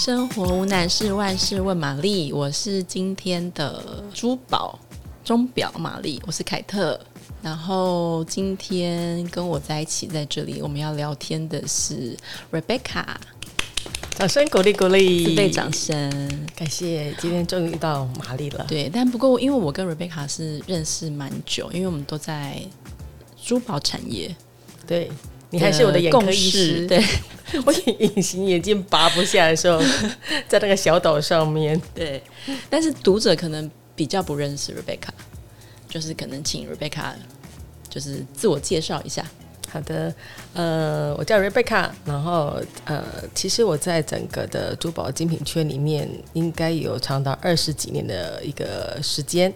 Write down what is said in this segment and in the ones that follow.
生活無難事，萬事問瑪麗。我是今天的珠寶鐘錶瑪麗，我是凱特。然後今天跟我在一起在這裡，我們要聊天的是 Rebecca。掌聲鼓勵鼓勵，對，掌聲。感謝今天終於遇到瑪麗了。對，但不過因為我跟 Rebecca 是認識蠻久，因為我們都在珠寶產業。對。你還是我的眼科醫師。呃、對， 我隱形眼鏡拔不下來的時候， 在那個小島上面，對。但是讀者可能比較不認識 Rebecca，就是可能請 Rebecca 就是自我介紹一下。好的，呃，我叫 Rebecca，然後呃，其實我在整個的珠寶精品圈裡面應該有長達二十幾年的一個時間。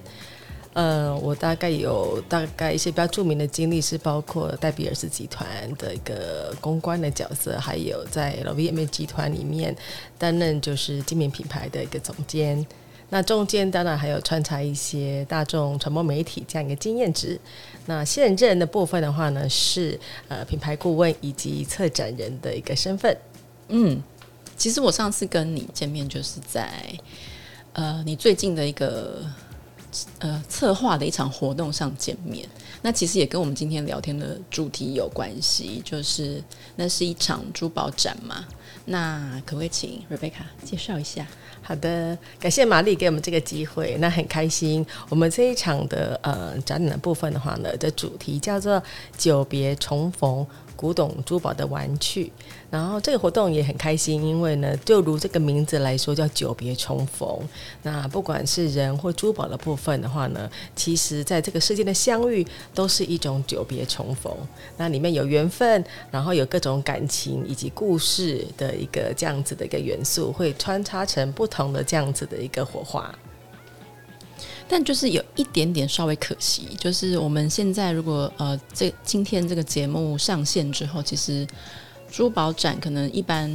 呃、嗯，我大概有大概一些比較著名的經歷是，包括戴比爾斯集團的一個公關的角色，還有在 LVMH 集團裡面擔任就是知名品牌的一個總監。那中間當然還有穿插一些大眾傳播媒體這樣一個經驗值。那現任的部分的話呢，是呃品牌顧問以及策展人的一個身份。嗯，其實我上次跟你見面就是在呃你最近的一個。呃，策劃的一場活動上見面，那其實也跟我們今天聊天的主題有關係，就是那是一場珠寶展嘛。那可不可以請 Rebecca 介紹一下？好的，感謝瑪麗給我們這個機會，那很開心。我們這一場的呃展覽部分的話呢，的主題叫做“久別重逢”。古董珠寶的玩趣，然後這個活動也很開心，因為呢，就如這個名字來說，叫久別重逢。那不管是人或珠寶的部分的話呢，其實在這個世界的相遇，都是一種久別重逢。那裡面有緣分，然後有各種感情以及故事的一個這樣子的一個元素，會穿插成不同的這樣子的一個火花。但就是有一點點稍微可惜，就是我們現在如果呃，這今天這個節目上線之後，其實珠寶展可能一般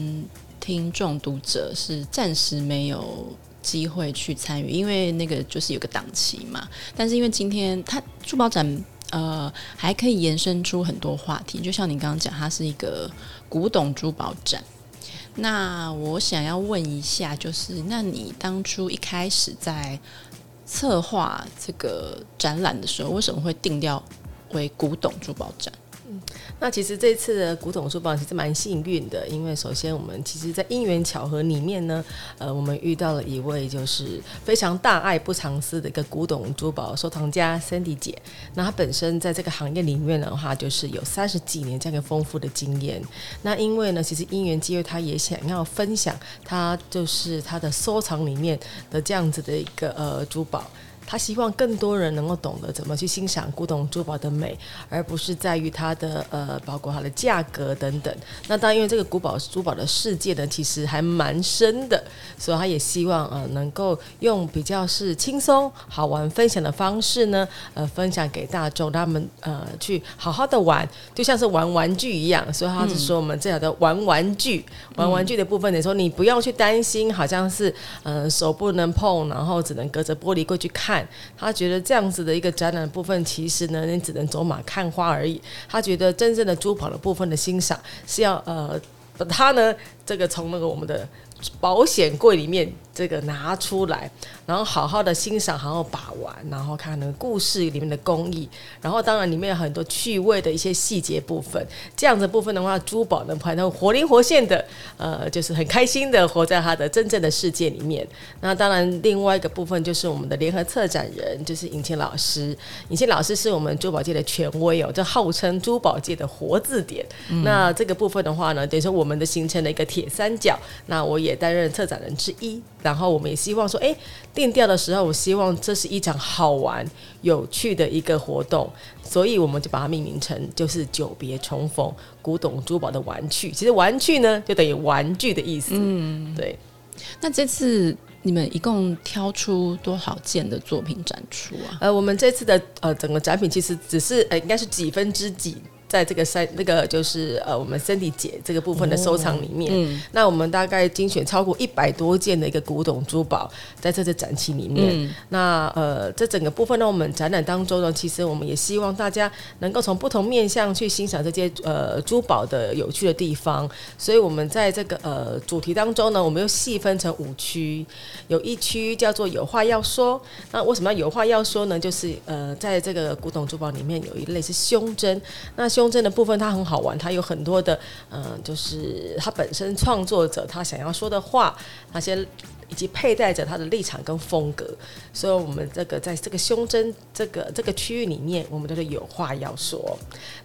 聽眾讀者是暫時沒有機會去參與，因為那個就是有個檔期嘛。但是因為今天它珠寶展呃還可以延伸出很多話題，就像你剛剛講，它是一個古董珠寶展。那我想要問一下，就是那你當初一開始在。策劃這個展覽的時候，為什麼會定調為古董珠寶展？嗯，那其實這次的古董珠寶其實蠻幸運的，因為首先我們其實，在因緣巧合裡面呢，呃，我們遇到了一位就是非常大愛不藏私的一個古董珠寶收藏家 Cindy 姐。那她本身在這個行業裡面的話，就是有三十幾年這樣一個豐富的經驗。那因為呢，其實因緣機會，她也想要分享，她就是她的收藏裡面的這樣子的一個呃珠寶。他希望更多人能夠懂得怎麼去欣賞古董珠寶的美，而不是在於它的呃，包括它的價格等等。那當然，因為這個古董珠寶的世界呢，其實還蠻深的，所以他也希望呃，能夠用比較是輕鬆、好玩、分享的方式呢，呃，分享給大衆，他們呃，去好好的玩，就像是玩玩具一樣。所以他是說，我們這樣的玩玩具，玩玩具的部分，你說你不用去擔心，好像是呃，手不能碰，然後只能隔着玻璃櫃，去看。他覺得這樣子的一個展覽部分，其實呢，你只能走馬看花而已。他覺得真正的珠寶的部分的欣賞，是要呃把它呢，這個從那個我們的保險櫃裡面。這個拿出來，然後好好的欣賞，好好把玩，然後看看那個故事裡面的工藝，然後當然裡面有很多趣味的一些細節部分。這樣子部分的話，珠寶能拍到活靈活現的，呃，就是很開心的活在他的真正的世界裡面。那當然，另外一個部分就是我們的聯合策展人，就是尹倩老師。尹倩老師是我們珠寶界的權威哦，這號稱珠寶界的活字典。嗯。那這個部分的話呢，等於說我們的形成了一個鐵三角。那我也擔任策展人之一。然後我們也希望說，哎、欸，定調的時候，我希望這是一場好玩、有趣的一個活動，所以我們就把它命名成就是“久別重逢：古董珠寶的玩與趣”。其實“玩與趣”呢，就等於“玩具”的意思。嗯，對。那這次你們一共挑出多少件的作品展出啊？呃，我們這次的呃整個展品其實只是呃應該是幾分之幾。在這個三，那、這個就是呃我們 Sandy 姐這個部分的收藏裡面，嗯嗯、那我們大概精選超過一百多件的一個古董珠寶，在這次展期裡面，嗯、那呃這整個部分呢，我們展覽當中呢，其實我們也希望大家能夠從不同面向去欣賞這些呃珠寶的有趣的地方，所以我們在這個呃主題當中呢，我們又細分成五區，有一區叫做有話要說，那為什麼有話要說呢？就是呃在這個古董珠寶裡面有一類是胸針，那胸針的部分它很好玩，它有很多的，嗯、呃，就是它本身創作者他想要說的話，那些以及佩戴着他的立場跟風格，所以我們這個在這個胸針這個這個區域裡面，我們都是有話要說。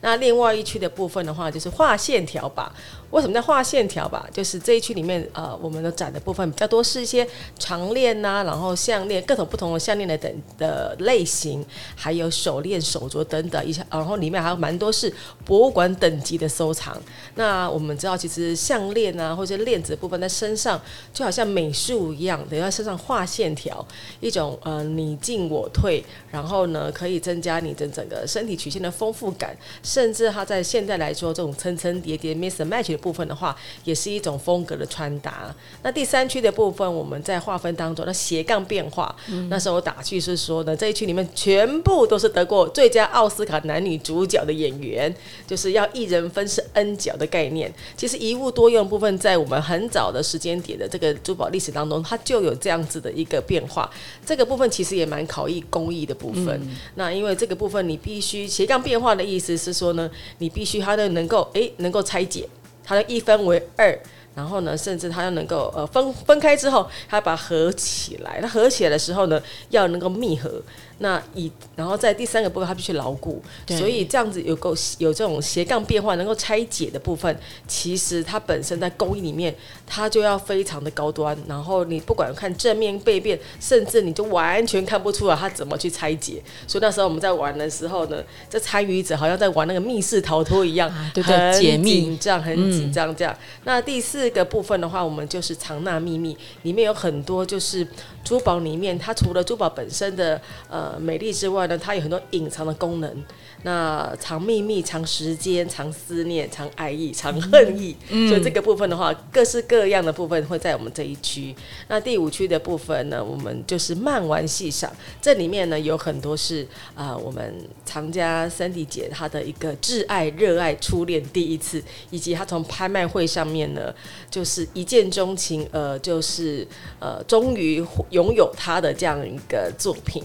那另外一區的部分的話，就是畫線條吧。為什麼叫畫線條吧？就是這一區裡面，呃，我們的展的部分比較多，是一些長鏈吶、啊，然後項鏈各種不同的項鏈的等的類型，還有手鏈、手鐲等等一下，然後裡面還有蠻多是博物館等級的收藏。那我們知道，其實項鏈吶，或者鏈子的部分在身上，就好像美術一樣，等於在身上畫線條，一種呃你進我退，然後呢可以增加你的整個身體曲線的豐富感，甚至它在現在來說，這種層層疊疊、mismatch。部分的話，也是一種風格的穿搭。那第三區的部分，我們在劃分當中，那斜槓變化、嗯，那時候我打趣是說呢，這一區裡面全部都是得過最佳奧斯卡男女主角的演員，就是要一人分飾 n 角的概念。其實一物多用部分，在我們很早的時間點的這個珠寶歷史當中，它就有這樣子的一個變化。這個部分其實也蠻考驗工藝的部分、嗯。那因為這個部分，你必須斜槓變化的意思是說呢，你必須它都能夠誒、欸、能夠拆解。它的一分為二，然後呢，甚至它要能夠呃分分開之後，它把它合起來。它合起來的時候呢，要能夠密合。那以，然後在第三個部分，它必須牢固，所以這樣子有夠有這種斜槓變化能夠拆解的部分，其實它本身在工藝裡面，它就要非常的高端。然後你不管看正面背面，甚至你就完全看不出來它怎麼去拆解。所以那時候我們在玩的時候呢，這參與者好像在玩那個密室逃脫一樣，啊對對，很緊張解密，嗯，很緊張這樣。那第四個部分的話，我們就是藏納秘密，裡面有很多，就是珠寶裡面它除了珠寶本身的呃。呃，美麗之外呢，它有很多隱藏的功能。那藏秘密、藏時間、藏思念、藏愛意、藏恨意、嗯，所以這個部分的話，各式各樣的部分會在我們這一區。那第五區的部分呢，我們就是慢玩細賞。這裡面呢，有很多是啊、呃，我們藏家 Sandy 姐她的一個摯愛、熱愛、初戀、第一次，以及她從拍賣會上面呢，就是一見鍾情，呃，就是呃，終於擁有她的這樣一個作品。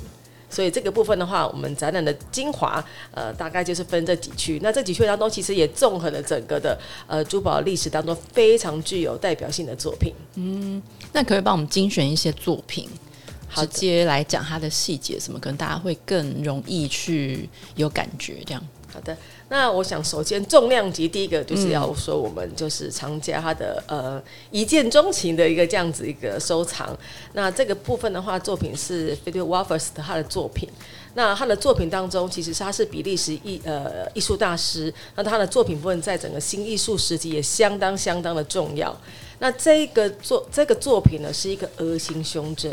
所以這個部分的話，我們展覽的精華，呃，大概就是分這幾區。那這幾區當中，其實也縱橫了整個的呃珠寶歷史當中非常具有代表性的作品。嗯，那可不可以幫我們精選一些作品？好，直接來講它的細節什麼，可能大家會更容易去有感覺，這樣好的，那我想首先重量級第一個就是要說，我們就是藏家他的、嗯、呃一見鍾情的一個這樣子一個收藏。那這個部分的話，作品是 Philippe Wolfers 的他的作品。那他的作品當中，其實他是比利時藝呃藝術大師。那他的作品部分在整個新藝術時期也相當相當的重要。那這個作這個作品呢，是一個鵝形胸針。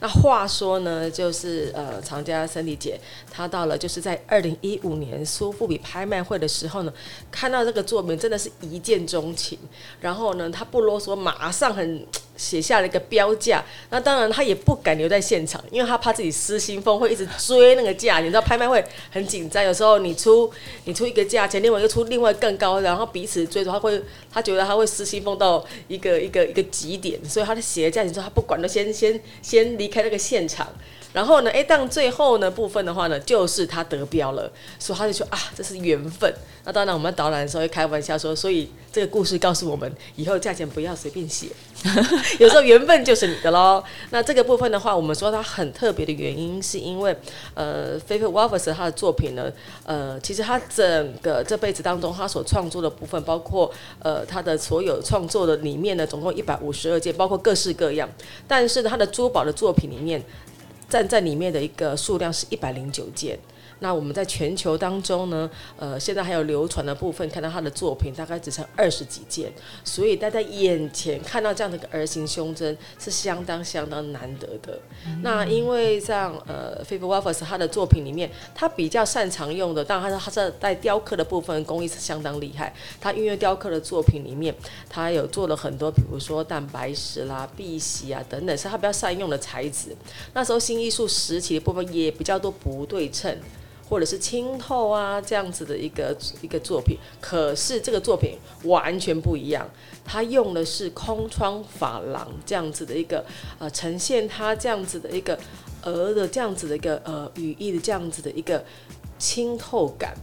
那話說呢，就是呃，藏家森迪姐她到了，就是在二零一五年蘇富比拍賣會的時候呢，看到這個作品，真的是一見鍾情。然後呢，她不囉嗦，馬上很，寫下了一個標價，那當然他也不敢留在現場，因為他怕自己失心瘋會一直追那個價。你知道拍賣會很緊張，有時候你出你出一個價錢，另外一個出另外更高，然後彼此追着他會他覺得他會失心瘋到一個一個一個極點，所以他寫的寫價，你說他不管了，先先先離開那個現場。然後呢，誒、欸，但最後呢部分的話呢，就是他得標了，所以他就說啊，這是緣分。那當然，我們導覽的時候會開玩笑說，所以這個故事告訴我們，以後價錢不要隨便寫， 有時候緣分就是你的嘍。那這個部分的話，我們說它很特別的原因，是因為呃，Philippe Wolfers 他的作品呢，呃，其實他整個這輩子當中，他所創作的部分，包括呃，他的所有創作的裡面呢，總共一百五十二件，包括各式各樣。但是呢，他的珠寶的作品裡面。站在裡面的一個數量是一百零九件。那我們在全球當中呢，呃，現在還有流傳的部分，看到他的作品大概只剩二十幾件，所以戴在眼前看到這樣的一個兒形胸針是相當相當難得的。嗯、那因為這樣，呃，Philip Wolfers 他的作品裡面，他比較擅長用的，當然他是他在雕刻的部分工藝是相當厲害。他因為雕刻的作品裡面，他有做了很多，比如說蛋白石啦、碧璽啊等等，是他比較善用的材質。那時候新藝術時期的部分也比較多不對稱。或者是清透啊，這樣子的一個一個作品，可是這個作品完全不一樣，它用的是空窗珐琅這樣子的一個呃，呈現它這樣子的一個鵝的這樣子的一個呃羽翼的這樣子的一個清透感。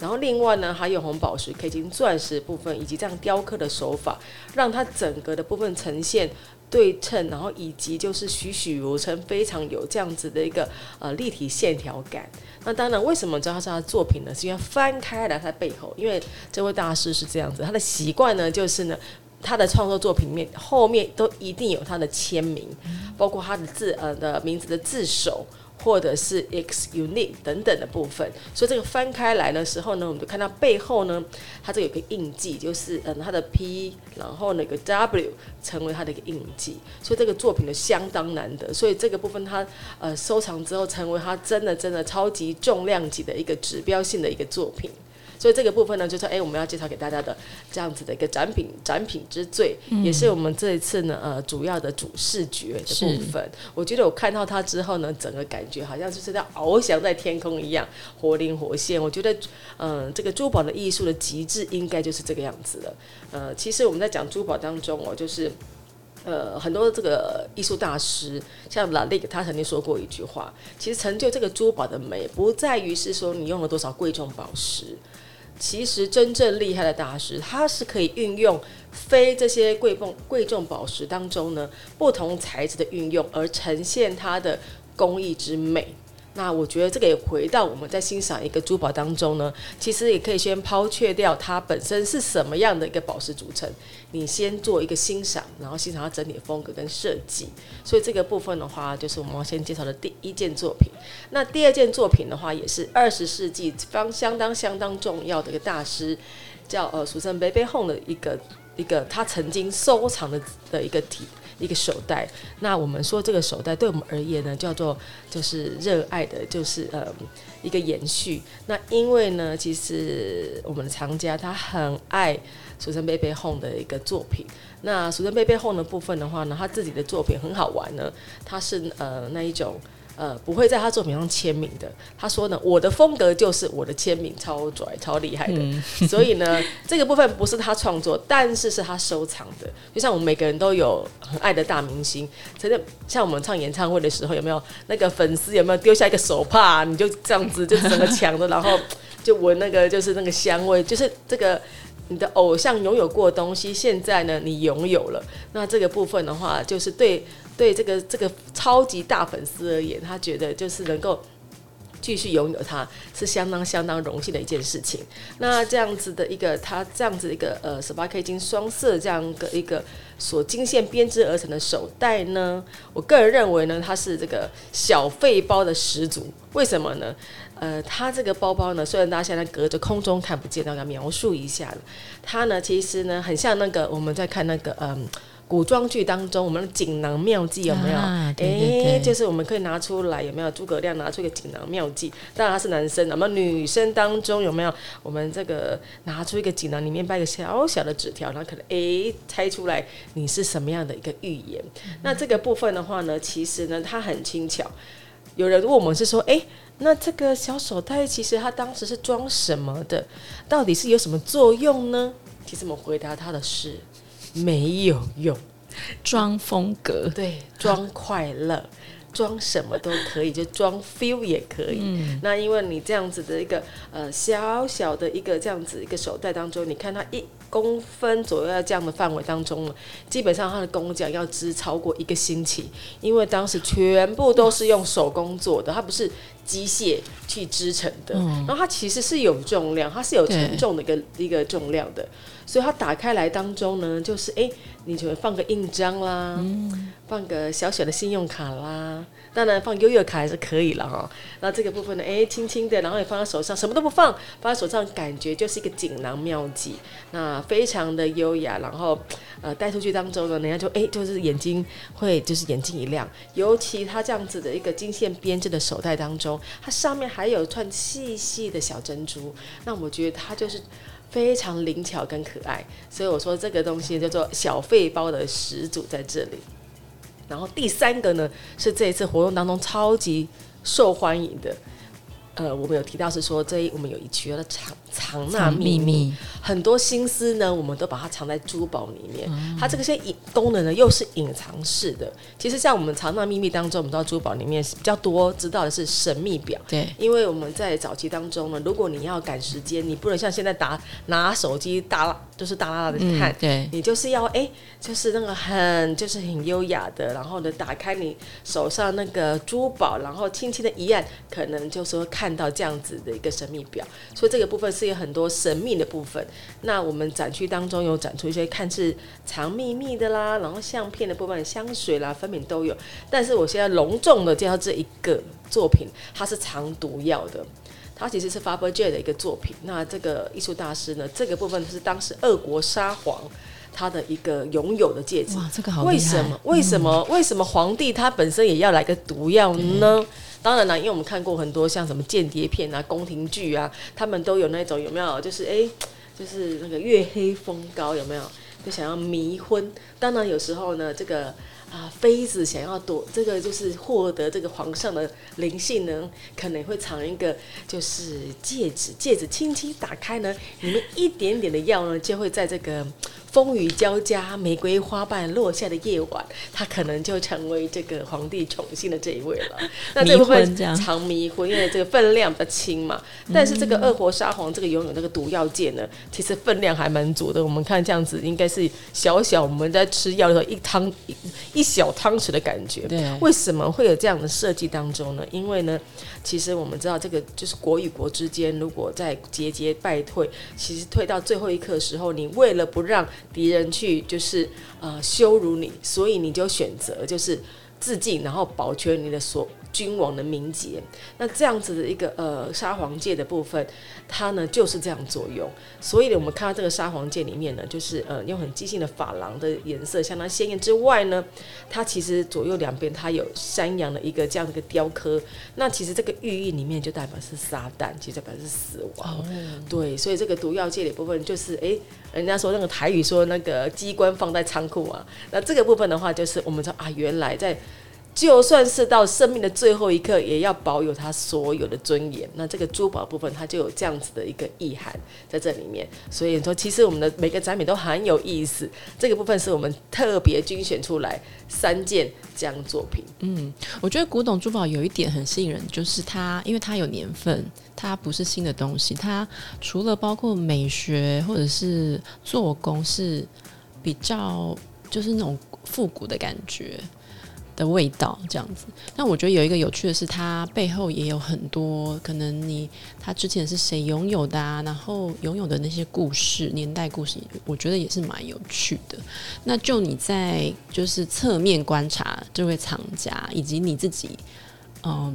然後另外呢，還有紅寶石、K 金、鑽石部分，以及這樣雕刻的手法，讓它整個的部分呈現。對稱，然後以及就是栩栩如生，非常有這樣子的一個呃立體線條感。那當然，為什麼知道他是他的作品呢？是因為翻開來他背後，因為這位大師是這樣子，他的習慣呢就是呢，他的創作作品面後面都一定有他的簽名，包括他的字呃的名字的字首。或者是 X Unique 等等的部分，所以這個翻開來的時候呢，我們就看到背後呢，它這個有一個印記，就是嗯它的 P，然後那個 W 成為它的一個印記，所以這個作品呢相當難得，所以這個部分它呃收藏之後成為它真的真的超級重量級的一個指標性的一個作品。所以這個部分呢，就是哎、欸，我們要介紹給大家的這樣子的一個展品，展品之最，也是我們這一次呢呃主要的主視覺的部分。我覺得我看到它之後呢，整個感覺好像就是在翱翔在天空一樣，活靈活現。我覺得嗯、呃，這個珠寶的藝術的極致應該就是這個樣子的。呃，其實我們在講珠寶當中哦，就是呃很多這個藝術大師，像拉利克，他曾經說過一句話，其實成就這個珠寶的美，不在於是說你用了多少貴重寶石。其實真正厲害的大師，他是可以運用非這些貴重貴重寶石當中呢，不同材質的運用，而呈現他的工藝之美。那我覺得這個也回到我們在欣賞一個珠寶當中呢，其實也可以先拋卻掉它本身是什麼樣的一個寶石組成，你先做一個欣賞，然後欣賞它整體風格跟設計。所以這個部分的話，就是我們要先介紹的第一件作品。那第二件作品的話，也是二十世紀方相當相當重要的一個大師，叫呃俗稱 Baby Hong 的一個一個他曾經收藏的的一個體。一個手袋，那我們說這個手袋對我們而言呢，叫做就是熱愛的，就是呃、嗯、一個延續。那因為呢，其實我們的藏家他很愛 Suzanne Belperron 的一個作品。那 Suzanne Belperron 的部分的話呢，他自己的作品很好玩呢，他是呃那一種。呃，不會在他作品上簽名的。他說呢，我的風格就是我的簽名超拽，超厲害的，嗯。所以呢， 這個部分不是他創作，但是是他收藏的。就像我們每個人都有很愛的大明星，真的像我們唱演唱會的時候，有沒有那個粉絲有沒有丟下一個手帕？你就這樣子就整個搶的，然後就聞那個就是那個香味，就是這個你的偶像擁有過的東西，現在呢你擁有了。那這個部分的話，就是對。對這個這個超級大粉絲而言，他覺得就是能夠繼續擁有它是相當相當榮幸的一件事情。那這樣子的一個，它這樣子一個呃，十八 K 金雙色這樣的一個所金線編織而成的手袋呢，我個人認為呢，它是這個小費包的始祖。為什麼呢？呃，它這個包包呢，雖然大家現在隔着空中看不見，大家描述一下他它呢，其實呢，很像那個我們在看那個嗯。古裝劇當中，我們的錦囊妙計有沒有？誒、啊欸，就是我們可以拿出來有沒有？諸葛亮拿出一個錦囊妙計，當然他是男生，那麼女生當中有沒有？我們這個拿出一個錦囊，裡面擺一個小小的紙條，然後可能哎、欸、猜出來你是什麼樣的一個預言、嗯。那這個部分的話呢，其實呢，它很輕巧。有人問我們是說，哎、欸，那這個小手袋其實它當時是裝什麼的？到底是有什麼作用呢？其實我們回答他的是。沒有用，裝風格，對，裝快樂、啊，裝什麼都可以，就裝 feel 也可以。嗯、那因為你這樣子的一個呃小小的一個這樣子一個手袋當中，你看它一公分左右的這樣的範圍當中，基本上它的工匠要織超過一個星期，因為當時全部都是用手工做的，它不是機械去支撐的，嗯，然後它其實是有重量，它是有沉重的一個一個重量的，所以它打開來當中呢，就是誒，你就會放個印章啦，嗯，放個小小的信用卡啦。當然放優越卡還是可以了哈，那這個部分呢，哎、欸，輕輕的，然後也放在手上，什麼都不放，放在手上感覺就是一個錦囊妙計，那非常的優雅，然後呃帶出去當中呢，人家就哎、欸、就是眼睛會就是眼睛一亮，尤其他這樣子的一個金線編織的手袋當中，它上面還有串細細的小珍珠，那我覺得它就是非常靈巧跟可愛，所以我說這個東西叫做小費包的始祖在這裡。然後第三個呢，是這一次活動當中超級受歡迎的。呃，我們有提到是說，這一我們有一群的藏藏納秘密蜜蜜，很多心思呢，我們都把它藏在珠寶裡面。哦、它這個些隱功能呢，又是隱藏式的。其實像我們藏納秘密當中，我們知道珠寶裡面比較多知道的是神秘表，對，因為我們在早期當中呢，如果你要趕時間，你不能像現在打拿手機大就是大剌剌的看，嗯、對你就是要哎，就是那個很就是很優雅的，然後呢，打開你手上那個珠寶，然後輕輕的一按，可能就說看。看到這樣子的一個神秘表，所以這個部分是有很多神秘的部分。那我們展區當中有展出一些看似藏秘密的啦，然後相片的部分、香水啦、粉餅都有。但是我現在隆重的介紹這一個作品，它是藏毒藥的。它其實是 Fabergé 的一個作品。那這個藝術大師呢，這個部分是當時俄國沙皇他的一個擁有的戒指。哇，這個好厲害！為什麼？為什麼？為什麼皇帝他本身也要來個毒藥呢？當然啦，因為我們看過很多像什麼間諜片啊、宮廷劇啊，他們都有那種有沒有？就是誒、欸，就是那個月黑風高，有沒有？就想要迷昏。當然有時候呢，這個啊、呃、妃子想要躲，這個，就是獲得這個皇上的靈性呢，可能會藏一個就是戒指，戒指輕輕打開呢，裡面一點點的藥呢，就會在這個。風雨交加，玫瑰花瓣落下的夜晚，他可能就成為這個皇帝寵幸的這一位了。那這一會這長迷糊，因為這個分量不輕嘛。但是這個俄國沙皇，這個擁有這個毒藥戒呢，其實分量還蠻足的。我們看這樣子，應該是小小我們在吃藥的時候一湯一一小湯匙的感覺。對啊，為什麼會有這樣的設計當中呢？因為呢。其實我們知道，這個就是國與國之間，如果在節節敗退，其實退到最後一刻的時候，你為了不讓敵人去就是呃羞辱你，所以你就選擇就是自盡，然後保全你的所。君王的名節，那這樣子的一個呃沙皇戒的部分，它呢就是這樣作用。所以呢，我們看到這個沙皇戒裡面呢，就是呃用很即興的珐琅的顏色，相當鮮豔之外呢，它其實左右兩邊它有山羊的一個這樣的一個雕刻。那其實這個寓意裡面就代表是撒旦，其實代表是死亡。哦、對，所以這個毒藥戒的部分就是，哎、欸，人家說那個台語說那個機關放在倉庫啊，那這個部分的話就是我們說啊，原來在。就算是到生命的最後一刻，也要保有他所有的尊嚴。那這個珠寶部分，它就有這樣子的一個意涵在這裡面。所以說，其實我們的每個展品都很有意思。這個部分是我們特別精選出來三件這樣作品。嗯，我覺得古董珠寶有一點很吸引人，就是它因為它有年份，它不是新的東西。它除了包括美學或者是做工，是比較就是那種復古的感覺。的味道這樣子，那我覺得有一個有趣的是，它背後也有很多可能你他之前是誰擁有的啊，然後擁有的那些故事、年代故事，我覺得也是蠻有趣的。那就你在就是側面觀察這位藏家以及你自己，嗯、呃。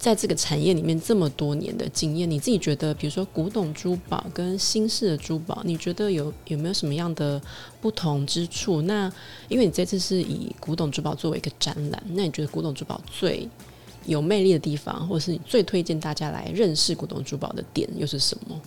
在這個產業裡面這麼多年的經驗，你自己覺得，比如說古董珠寶跟新式的珠寶，你覺得有有沒有什麼樣的不同之處？那因為你這次是以古董珠寶作為一個展覽，那你覺得古董珠寶最有魅力的地方，或者是你最推薦大家來認識古董珠寶的點又是什麼？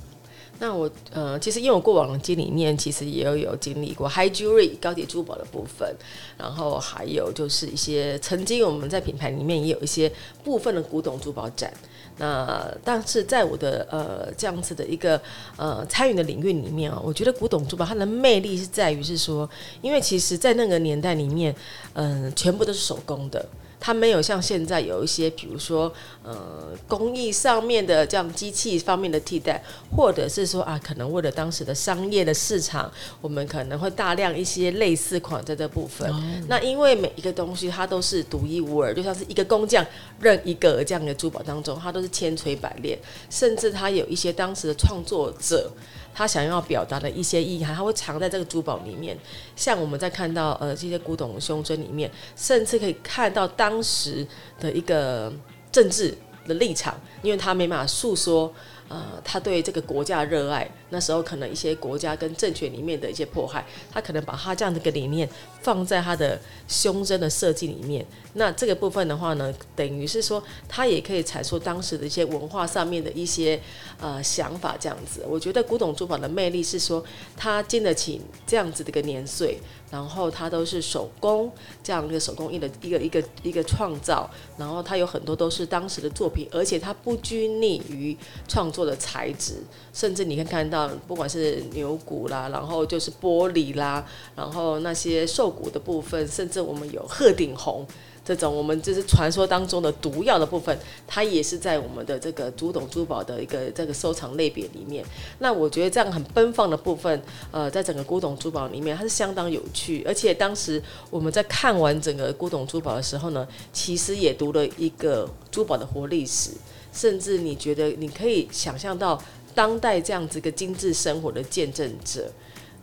那我呃，其實因為我過往的經歷裡面，其實也有有經歷過 High Jewelry 高級珠寶的部分，然後還有就是一些曾經我們在品牌裡面也有一些部分的古董珠寶展。那、呃、但是在我的呃這樣子的一個呃參與的領域裡面啊，我覺得古董珠寶它的魅力是在於是說，因為其實在那個年代裡面，嗯、呃，全部都是手工的。它沒有像現在有一些，比如說，呃，工藝上面的這樣機器方面的替代，或者是說啊，可能為了當時的商業的市場，我們可能會大量一些類似款在這部分。嗯。那因為每一個東西它都是獨一無二，就像是一個工匠任一個這樣的珠寶當中，它都是千錘百鍊，甚至它有一些當時的創作者。他想要表達的一些意涵，他會藏在這個珠寶裡面。像我們在看到呃這些古董胸針裡面，甚至可以看到當時的一個政治的立場，因為他沒辦法訴說。呃，他對這個國家熱愛，那時候可能一些國家跟政權裡面的一些迫害，他可能把他這樣的一個理念放在他的胸針的設計裡面。那這個部分的話呢，等於是說他也可以闡述當時的一些文化上面的一些呃想法，這樣子。我覺得古董珠寶的魅力是說他經得起這樣子的一個年歲，然後他都是手工這樣一個手工藝的一個一個一個，一個創造，然後他有很多都是當時的作品，而且他不拘泥於創造做的材質，甚至你可以看到，不管是牛骨啦，然後就是玻璃啦，然後那些獸骨的部分，甚至我們有鶴頂紅這種，我們就是傳說當中的毒藥的部分，它也是在我們的這個古董珠寶的一個這個收藏類別裡面。那我覺得這樣很奔放的部分，呃，在整個古董珠寶裡面，它是相當有趣。而且當時我們在看完整個古董珠寶的時候呢，其實也讀了一個珠寶的活歷史。甚至你覺得你可以想象到當代這樣子一個精緻生活的見證者。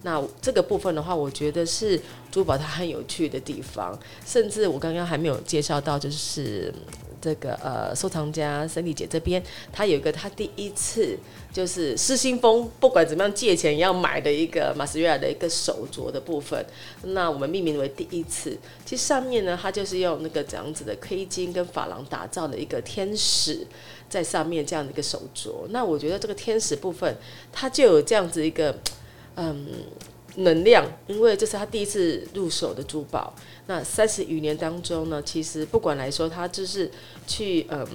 那這個部分的話，我覺得是珠寶它很有趣的地方。甚至我剛剛還沒有介紹到，就是這個呃，收藏家森迪姐這邊，她有一個她第一次就是失心瘋，不管怎麼樣借錢也要買的一個馬斯瑞爾的一個手鐲的部分。那我們命名為第一次。其實上面呢，它就是用那個這樣子的 K 金跟珐琅打造的一個天使，在上面這樣的一個手鐲，那我覺得這個天使部分，它就有這樣子一個，嗯，能量，因為這是他第一次入手的珠寶。那三十餘年當中呢，其實不管來說，他就是去嗯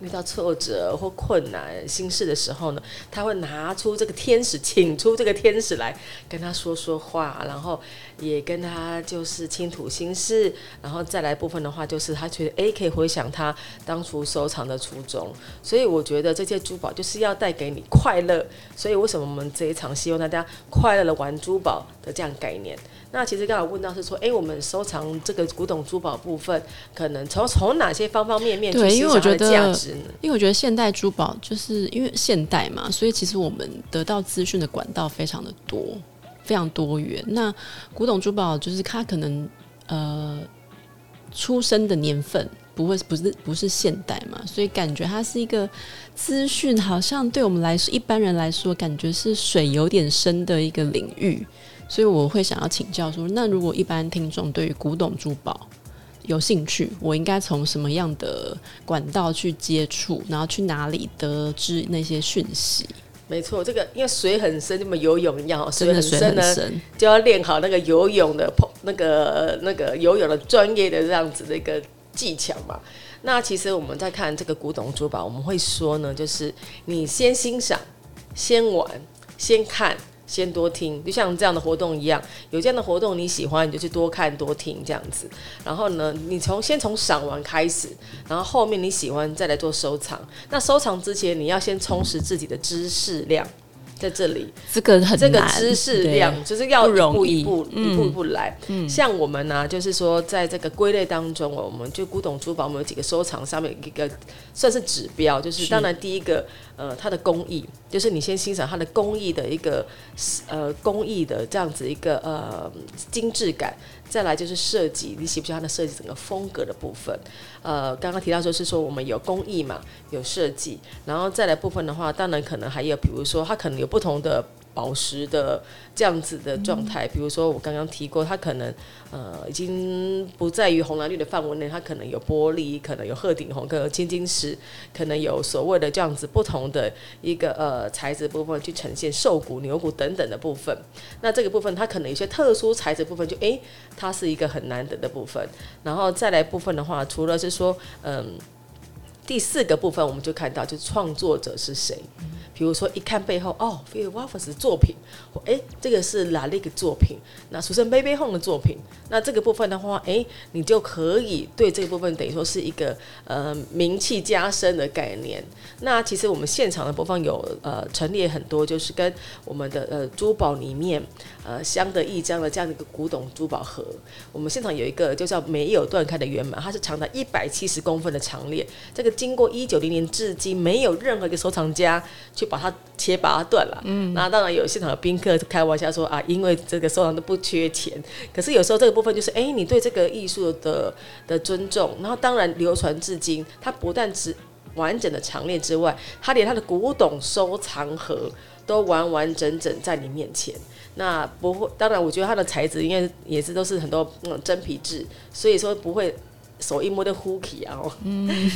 遇到挫折或困難、心事的時候呢，他會拿出這個天使，請出這個天使來跟他說說話，然後。也跟他就是傾吐心事，然後再來部分的話，就是他覺得哎、欸，可以回想他當初收藏的初衷。所以我覺得這些珠寶就是要帶給你快樂。所以為什麼我們這一場希望大家快樂的玩珠寶的這樣概念？那其實剛好問到是說，哎、欸，我們收藏這個古董珠寶部分，可能從從哪些方方面面去欣賞這樣價值呢？因，因為我覺得現代珠寶就是因為現代嘛，所以其實我們得到資訊的管道非常的多。非常多元。那古董珠寶就是它可能呃出生的年份不會，不是，不是現代嘛，所以感覺它是一個資訊，好像對我們來說，一般人來說感覺是水有點深的一個領域，所以我會想要請教說，那如果一般聽眾對於古董珠寶有興趣，我應該從什麼樣的管道去接觸，然後去哪裡得知那些訊息？沒錯，這個因為水很深，那麼游泳一樣，喔，水很深呢，就要練好那個游泳的、那個、那個游泳的專業的這樣子的一個技巧嘛。那其實我們在看這個古董珠寶，我們會說呢，就是你先欣賞、先玩、先看。先多聽，就像這樣的活動一樣，有這樣的活動你喜歡，你就去多看多聽這樣子。然後呢，你從先從賞玩開始，然後後面你喜歡再來做收藏。那收藏之前，你要先充實自己的知識量。在這裡，這個很這個知識量就是要一步一步，不容易，一步一步來。嗯、像我們呢、啊，就是說，在這個歸類當中，我們就古董珠寶，我們有幾個收藏上面一個算是指標，就是當然第一個呃，它的工藝，就是你先欣賞它的工藝的一個呃工藝的這樣子一個呃精緻感。再來就是設計，你喜不喜歡它的設計整個風格的部分？呃，剛剛提到說是說我們有工藝嘛，有設計，然後再來部分的話，當然可能還有，比如說它可能有不同的。寶石的這樣子的狀態，比如說我剛剛提過，它可能呃已經不在於紅藍綠的範圍內，它可能有玻璃，可能有鶴頂紅，可能有青金石，可能有所謂的這樣子不同的一個呃材質部分去呈現獸骨、牛骨等等的部分。那這個部分它可能有些特殊材質部分就，就，欸，哎，它是一個很難得的部分。然後再來部分的話，除了是說嗯。呃第四個部分，我們就看到，就是創作者是誰。比如說，一看背後，哦 e i w a f e s 的作品，哎，這個是 Lalique 的作品？那俗稱 Baby Hong 的作品。那這個部分的話，哎，你就可以對這個部分等於說是一個呃名氣加深的概念。那其實我們現場的播放有呃陳列很多，就是跟我們的呃珠寶裡面呃相得益彰的這樣的一個古董珠寶盒。我們現場有一個就叫沒有斷開的圓滿，它是長達一百七十公分的長鏈。這個。經過一九零零至今，沒有任何一個收藏家，去把它切，把它斷了。嗯，那當然有現場的賓客開玩笑說啊，因為這個收藏都不缺錢。可是有時候這個部分就是，哎、欸，你對這個藝術的的尊重，然後當然流傳至今，它不但只完整的陳列之外，它連它的古董收藏盒都完完整整在你面前。那不會，當然我覺得它的材質應該也是都是很多那種、嗯、真皮質，所以說不會。手一摸就呼氣啊，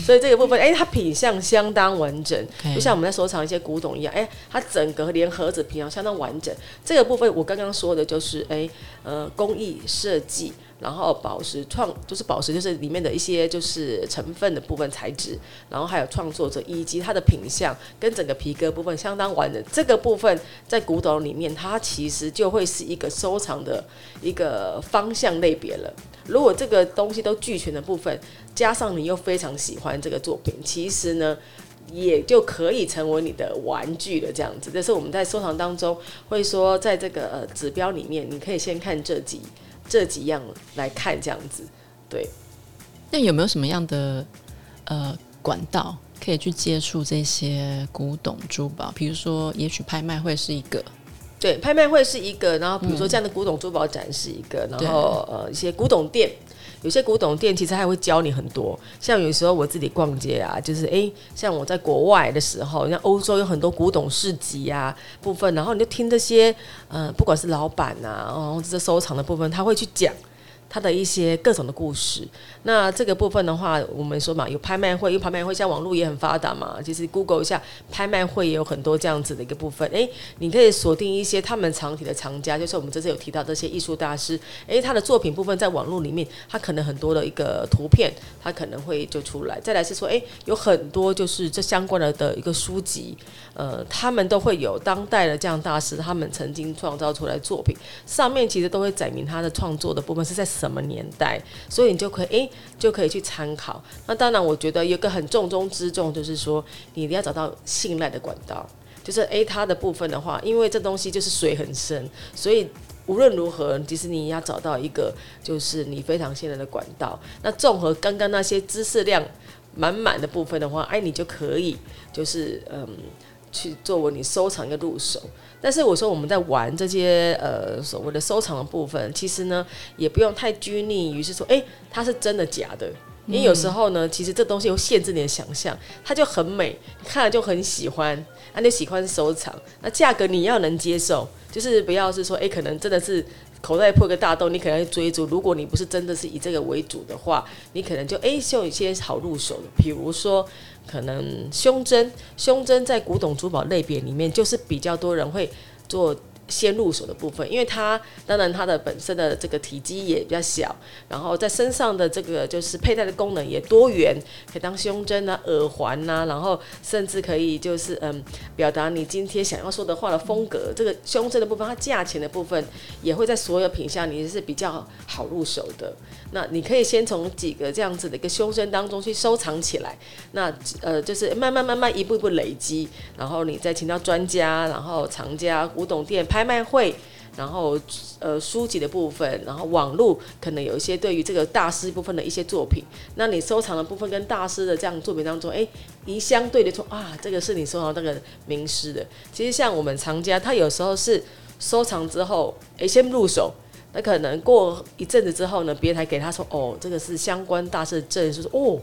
所以這個部分，哎、欸，它品相相當完整，就像我們在收藏一些古董一樣，哎、欸，它整個連盒子品相相當完整。這個部分我剛剛說的就是，哎、欸，呃，工藝設計。然後寶石創就是寶石，就是裡面的一些就是成分的部分材質，然後還有創作者以及它的品相，跟整個皮革部分相當完整，這個部分在古董裡面，它其實就會是一個收藏的一個方向類別了。如果這個東西都俱全的部分，加上你又非常喜歡這個作品，其實呢，也就可以成為你的玩具了這樣子。這是我們在收藏當中會說，在這個指標裡面，你可以先看這集這幾樣來看，這樣子，對。那有沒有什麼樣的呃管道可以去接觸這些古董珠寶？比如說，也許拍賣會是一個。對，拍賣會是一個，然後比如說這樣的古董珠寶展是一個，嗯、然後呃一些古董店。有些古董店其實還會教你很多，像有時候我自己逛街啊，就是哎，像我在國外的時候，像歐洲有很多古董市集啊部分，然後你就聽這些，嗯、呃，不管是老闆吶、啊，然後，哦，這收藏的部分，他會去講。他的一些各種的故事，那這個部分的話，我們說嘛，有拍賣會，因為拍賣會現在網絡也很發達嘛，其實 Google 一下拍賣會也有很多這樣子的一個部分。誒，你可以鎖定一些他們常提的藏家，就是我們這次有提到這些藝術大師，誒，他的作品部分在網絡裡面，他可能很多的一個圖片，他可能會就出來。再來是說，誒，有很多就是這相關的的一個書籍，呃，他們都會有當代的這樣大師，他們曾經創造出來作品，上面其實都會載明他的創作的部分是在。什麼年代？所以你就可以誒、欸，就可以去參考。那當然，我覺得有個很重中之重，就是說你要找到信賴的管道。就是哎、欸，它的部分的話，因為這東西就是水很深，所以無論如何，其實你也要找到一個就是你非常信任的管道。那綜合剛剛那些知識量滿滿的部分的話，哎、欸，你就可以就是嗯。去作為你收藏一個入手，但是我說我們在玩這些呃所謂的收藏的部分，其實呢也不用太拘泥於是說，哎、欸，它是真的假的，因為有時候呢，其實這東西會限制你的想象，它就很美，你看了就很喜歡，那你喜歡收藏，那價格你要能接受，就是不要是說，哎、欸，可能真的是口袋破個大洞，你可能要追逐。如果你不是真的是以這個為主的話，你可能就哎，有、欸、一些好入手的，比如說。可能胸針，胸針在古董珠寶類別裡面，就是比較多人會做。先入手的部分，因為它當然它的本身的這個體積也比較小，然後在身上的這個就是佩戴的功能也多元，可以當胸針啊、耳環呐、啊，然後甚至可以就是嗯、呃、表達你今天想要說的話的風格。這個胸針的部分，它價錢的部分也會在所有品項裡是比較好入手的。那你可以先從幾個這樣子的一個胸針當中去收藏起來，那呃就是慢慢慢慢一步一步累積，然後你再請到專家，然後藏家、古董店拍賣會，然後呃書籍的部分，然後網絡可能有一些對於這個大師部分的一些作品。那你收藏的部分跟大師的這樣作品當中，誒，你相對的說啊，這個是你收藏的那個名師的。其實像我們藏家，他有時候是收藏之後，誒，先入手，那可能過一陣子之後呢，別人還給他說，哦，這個是相關大師的證書，就是，哦。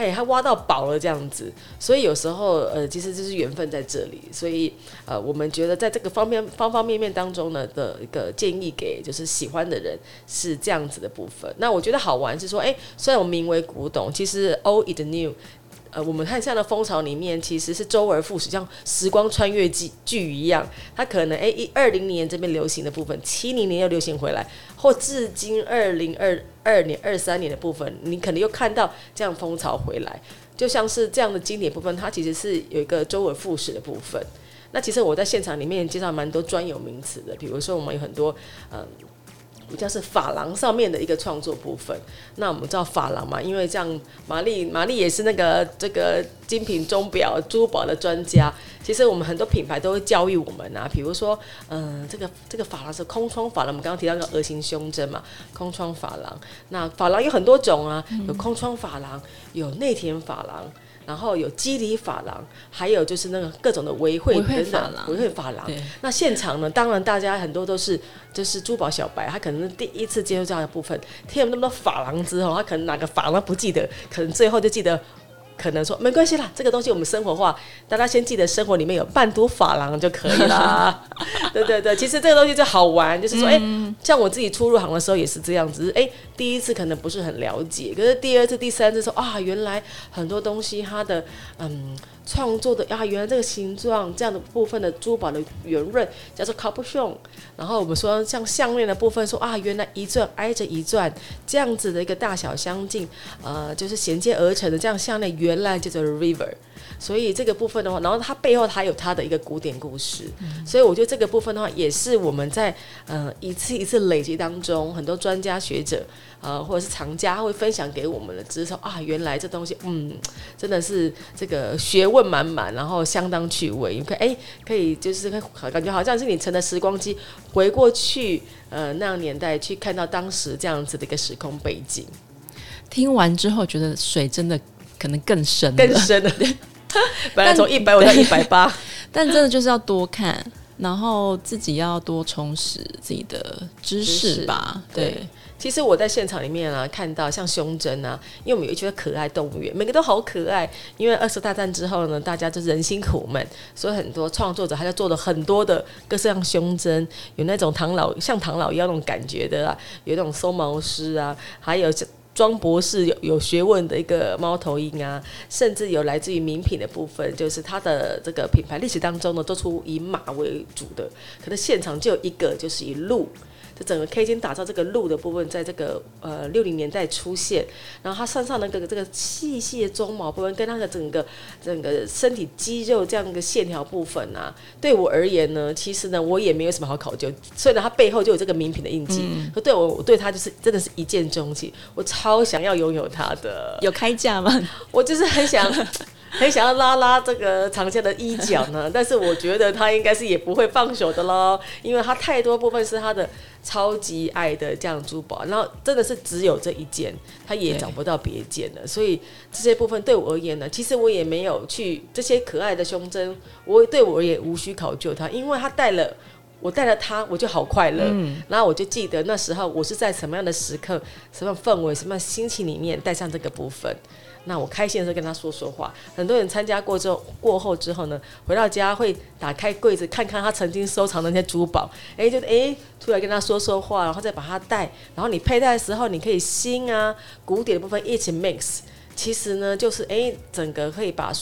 嘿、hey，他挖到寶了這樣子，所以有時候呃，其實就是緣分在這裡。所以呃，我們覺得在這個方面方方面面當中呢的一個建議給就是喜歡的人是這樣子的部分。那我覺得好玩是說，哎、欸，雖然我們名為古董，其實 old is new。呃、我們看現在的風潮裡面，其實是周而復始，像時光穿越劇劇一樣。它可能誒，一二零年這邊流行的部分，七零年又流行回來，或至今二零二二年、二三年的部分，你可能又看到這樣風潮回來。就像是這樣的經典部分，它其實是有一個周而復始的部分。那其實我在現場裡面介紹蠻多專有名詞的，比如說我們有很多嗯。呃比較是珐琅上面的一個創作部分。那我們知道珐琅嘛，因為像，瑪麗瑪麗也是那個這個精品鐘錶珠寶的專家。其實我們很多品牌都會教育我們啊，比如說，嗯，這個這個珐琅是空窗珐琅，我們剛剛提到那個鵝形胸針嘛，空窗珐琅。那珐琅有很多種啊，有空窗珐琅，有內填珐琅。然後有肌理珐琅，還有就是那個各種的微繪琺瑯，微繪琺瑯。那現場呢，當然大家很多都是就是珠寶小白，他可能第一次接觸這樣的部分，聽了那麼多珐琅之後，他可能哪個珐琅不記得，可能最後就記得。可能說沒關係啦，這個東西我們生活化，大家先記得生活裡面有半多法郎就可以了。 對對對，其實這個東西就好玩，就是說，哎、欸，像我自己初入行的時候也是這樣子，哎、欸，第一次可能不是很了解，可是第二次、第三次說啊，原來很多東西它的嗯。創作的啊，原來這個形狀這樣的部分的珠寶的圓潤叫做 cabochon，然後我們說像項鏈的部分說啊，原來一鑽挨着一鑽，這樣子的一個大小相近，呃，就是銜接而成的這樣項鏈，原來叫做 river。所以這個部分的話，然後它背後它有它的一個古典故事、嗯，所以我覺得這個部分的話，也是我們在呃一次一次累積當中，很多專家學者呃或者是藏家會分享給我們的知識，只是說啊，原來這東西嗯，真的是這個學問滿滿，然後相當趣味。你可以，哎、欸，可以就是好感覺好像是你乘着時光機回過去呃那個年代去看到當時這樣子的一個時空背景。聽完之後，覺得水真的可能更深更深，對 本來從一百五到一百八，但真的就是要多看，然後自己要多充實自己的知識吧。對，對，其實我在現場裡面啊，看到像胸針啊，因為我們有一群可愛動物園，每個都好可愛。因為二次大戰之後呢，大家就是人心苦悶，所以很多創作者還在做了很多的各式各樣胸針，有那種唐老像唐老鴨那種感覺的啊，有那種鬆毛獅啊，還有。莊博士有有學問的一個貓頭鷹啊，甚至有來自於名品的部分，就是它的這個品牌歷史當中呢，做出以馬為主的，可是現場就有一個就是以鹿。就整個 K 金打造這個鹿的部分，在這個呃六零年代出現，然後它身上的這個這個細細的鬃毛部分，跟它的整個整個身體肌肉這樣的線條部分啊，對我而言呢，其實呢我也沒有什麼好考究，所以呢它背後就有這個名品的印記。嗯，對我，我對他就是真的是一見鍾情，我超想要擁有它的。有開價嗎？我就是很想。 很想要拉拉這個長袖的衣角呢，但是我覺得他應該是也不會放手的咯，因為他太多部分是他的超級愛的這樣珠寶，然後真的是只有這一件，他也找不到別件了，所以這些部分對我而言呢，其實我也沒有去這些可愛的胸針，我對我也無需考究它，因為他帶了。我帶了它，我就好快樂，嗯。然後我就記得那時候我是在什麼樣的時刻、什麼氛圍、什麼樣心情裡面帶上這個部分。那我開心的時候跟他說說話。很多人參加過之後過後之後呢，回到家會打開櫃子看看他曾經收藏的那些珠寶。哎，就哎，出來跟他說說話，然後再把它帶。然後你佩戴的時候，你可以新啊，古典的部分一起 mix。其實呢，就是哎，整個可以把。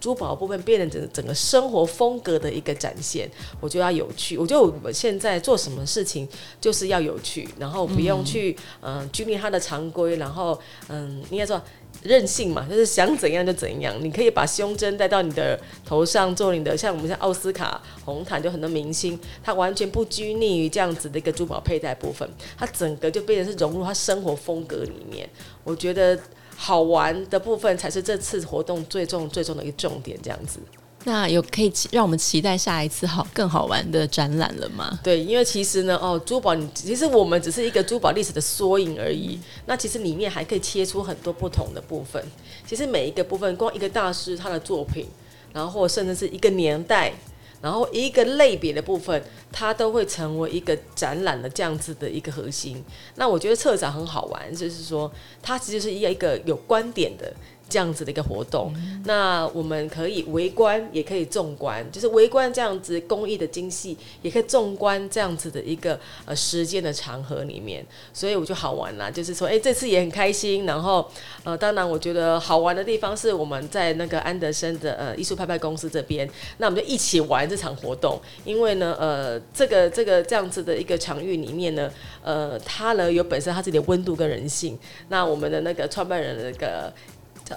珠寶部分變成整整個生活風格的一個展現，我覺得要有趣。我覺得我們現在做什麼事情就是要有趣，然後不用去嗯、呃、拘泥它的常規，然後嗯，應該說任性嘛，就是想怎樣就怎樣。你可以把胸針戴到你的頭上做你的，像我們像奧斯卡紅毯就很多明星，他完全不拘泥於這樣子的一個珠寶佩戴部分，他整個就變成是融入他生活風格裡面。我覺得。好玩的部分才是這次活動最重最重的一個重點，這樣子。那有可以讓我們期待下一次好更好玩的展覽了嗎？對，因為其實呢，哦，珠寶，其實我們只是一個珠寶歷史的縮影而已。那其實裡面還可以切出很多不同的部分。其實每一個部分，光一個大師他的作品，然後甚至是一個年代，然後一個類別的部分，它都會成為一個展覽的這樣子的一個核心。那我覺得策展很好玩，就是說它其實是一個有觀點的。這樣子的一個活動，mm -hmm. 那我們可以圍觀，也可以縱觀，就是圍觀這樣子工藝的精細，也可以縱觀這樣子的一個呃時間的長河裡面，所以我就好玩啦。就是說，哎、欸，這次也很開心。然後，呃，當然我覺得好玩的地方是我們在那個安德森的呃藝術拍賣公司這邊，那我們就一起玩這場活動。因為呢，呃，這個這個這樣子的一個場域裡面呢，呃，它呢有本身它自己的溫度跟人性。那我們的那個創辦人的那個。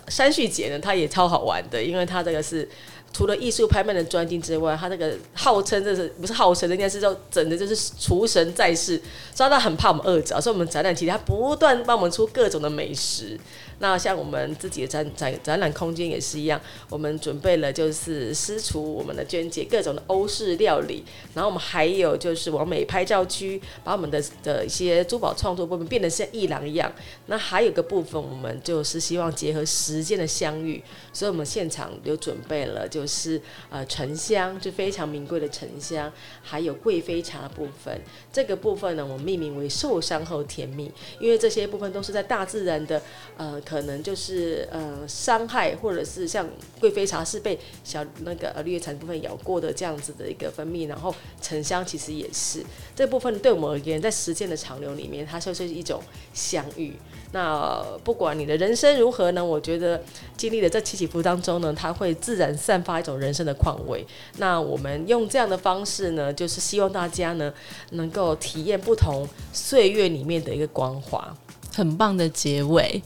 三旭姐呢，她也超好玩的，因為她這個是除了藝術拍賣的專精之外，她這個號稱，這是不是號稱？應該是叫整的，就是廚神在世，抓到很怕我們餓着，所以我們展覽期間，她不斷幫我們出各種的美食。那像我們自己的展展展覽空間也是一樣，我們準備了就是私廚，我們的娟姐各種的歐式料理。然後我們還有就是往美拍照區，把我們的的一些珠寶創作部分變得像藝廊一樣。那還有個部分，我們就是希望結合時間的相遇，所以我們現場有準備了就是呃沉香，就非常名貴的沉香，還有貴妃茶的部分。這個部分呢，我們命名為受傷後甜蜜，因為這些部分都是在大自然的呃。可能就是呃傷害，或者是像貴妃茶是被小那個呃綠葉蟬的部分咬過的這樣子的一個分泌，然後沉香其實也是這部分。對我們而言，在時間的長流裡面，它就是一種相遇。那不管你的人生如何呢，我覺得經歷了這起起伏當中呢，它會自然散發一種人生的況味。那我們用這樣的方式呢，就是希望大家呢能夠體驗不同歲月裡面的一個光華。很棒的結尾。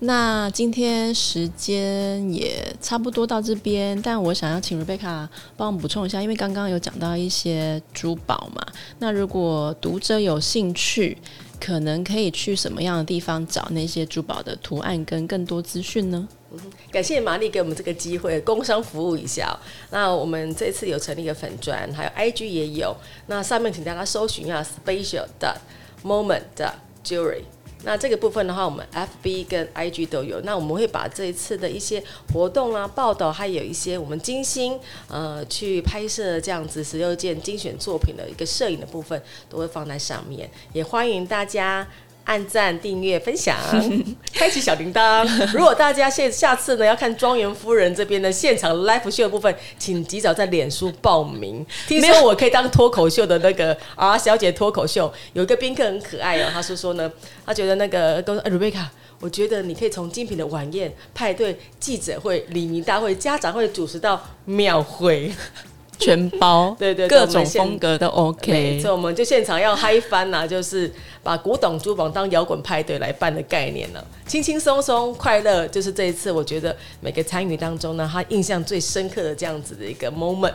那今天時間也差不多到這邊，但我想要請 Rebecca 幫我們補充一下，因為剛剛有講到一些珠寶嘛。那如果讀者有興趣，可能可以去什麼樣的地方找那些珠寶的圖案跟更多資訊呢？嗯、感謝瑪麗給我們這個機會，工商服務一下、哦。那我們這次有成立一個粉專，還有 IG 也有。那上面請大家搜尋一、啊、下 Special 的 Moment 的 Jewelry 那這個部分的話，我們 FB 跟 IG 都有。那我們會把這一次的一些活動啊、報道，還有一些我們精心呃去拍攝這樣子十六件精選作品的一個攝影的部分，都會放在上面。也歡迎大家。按讚、訂閱、分享， 開啟小鈴鐺。 如果大家現下次呢要看莊園夫人這邊的現場 live 秀部分，請及早在臉書報名。 聽說我可以當脫口秀的那個啊，R 小姐脫口秀有一個賓客很可愛哦、喔，他說說呢，他覺得那個都、啊。Rebecca，我覺得你可以從精品的晚宴、派對、記者會、禮儀大會、家長會主持到廟會。 全包， 對，對對，各種風格都 OK。所以我們就現場要嗨翻吶，就是把古董珠寶當搖滾派對來辦的概念了、啊。輕輕鬆鬆快樂。就是這一次，我覺得每個參與當中呢，他印象最深刻的這樣子的一個 moment。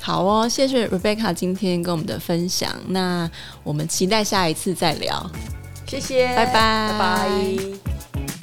好哦，謝謝 Rebecca 今天跟我們的分享，那我們期待下一次再聊。謝謝，拜拜，拜拜。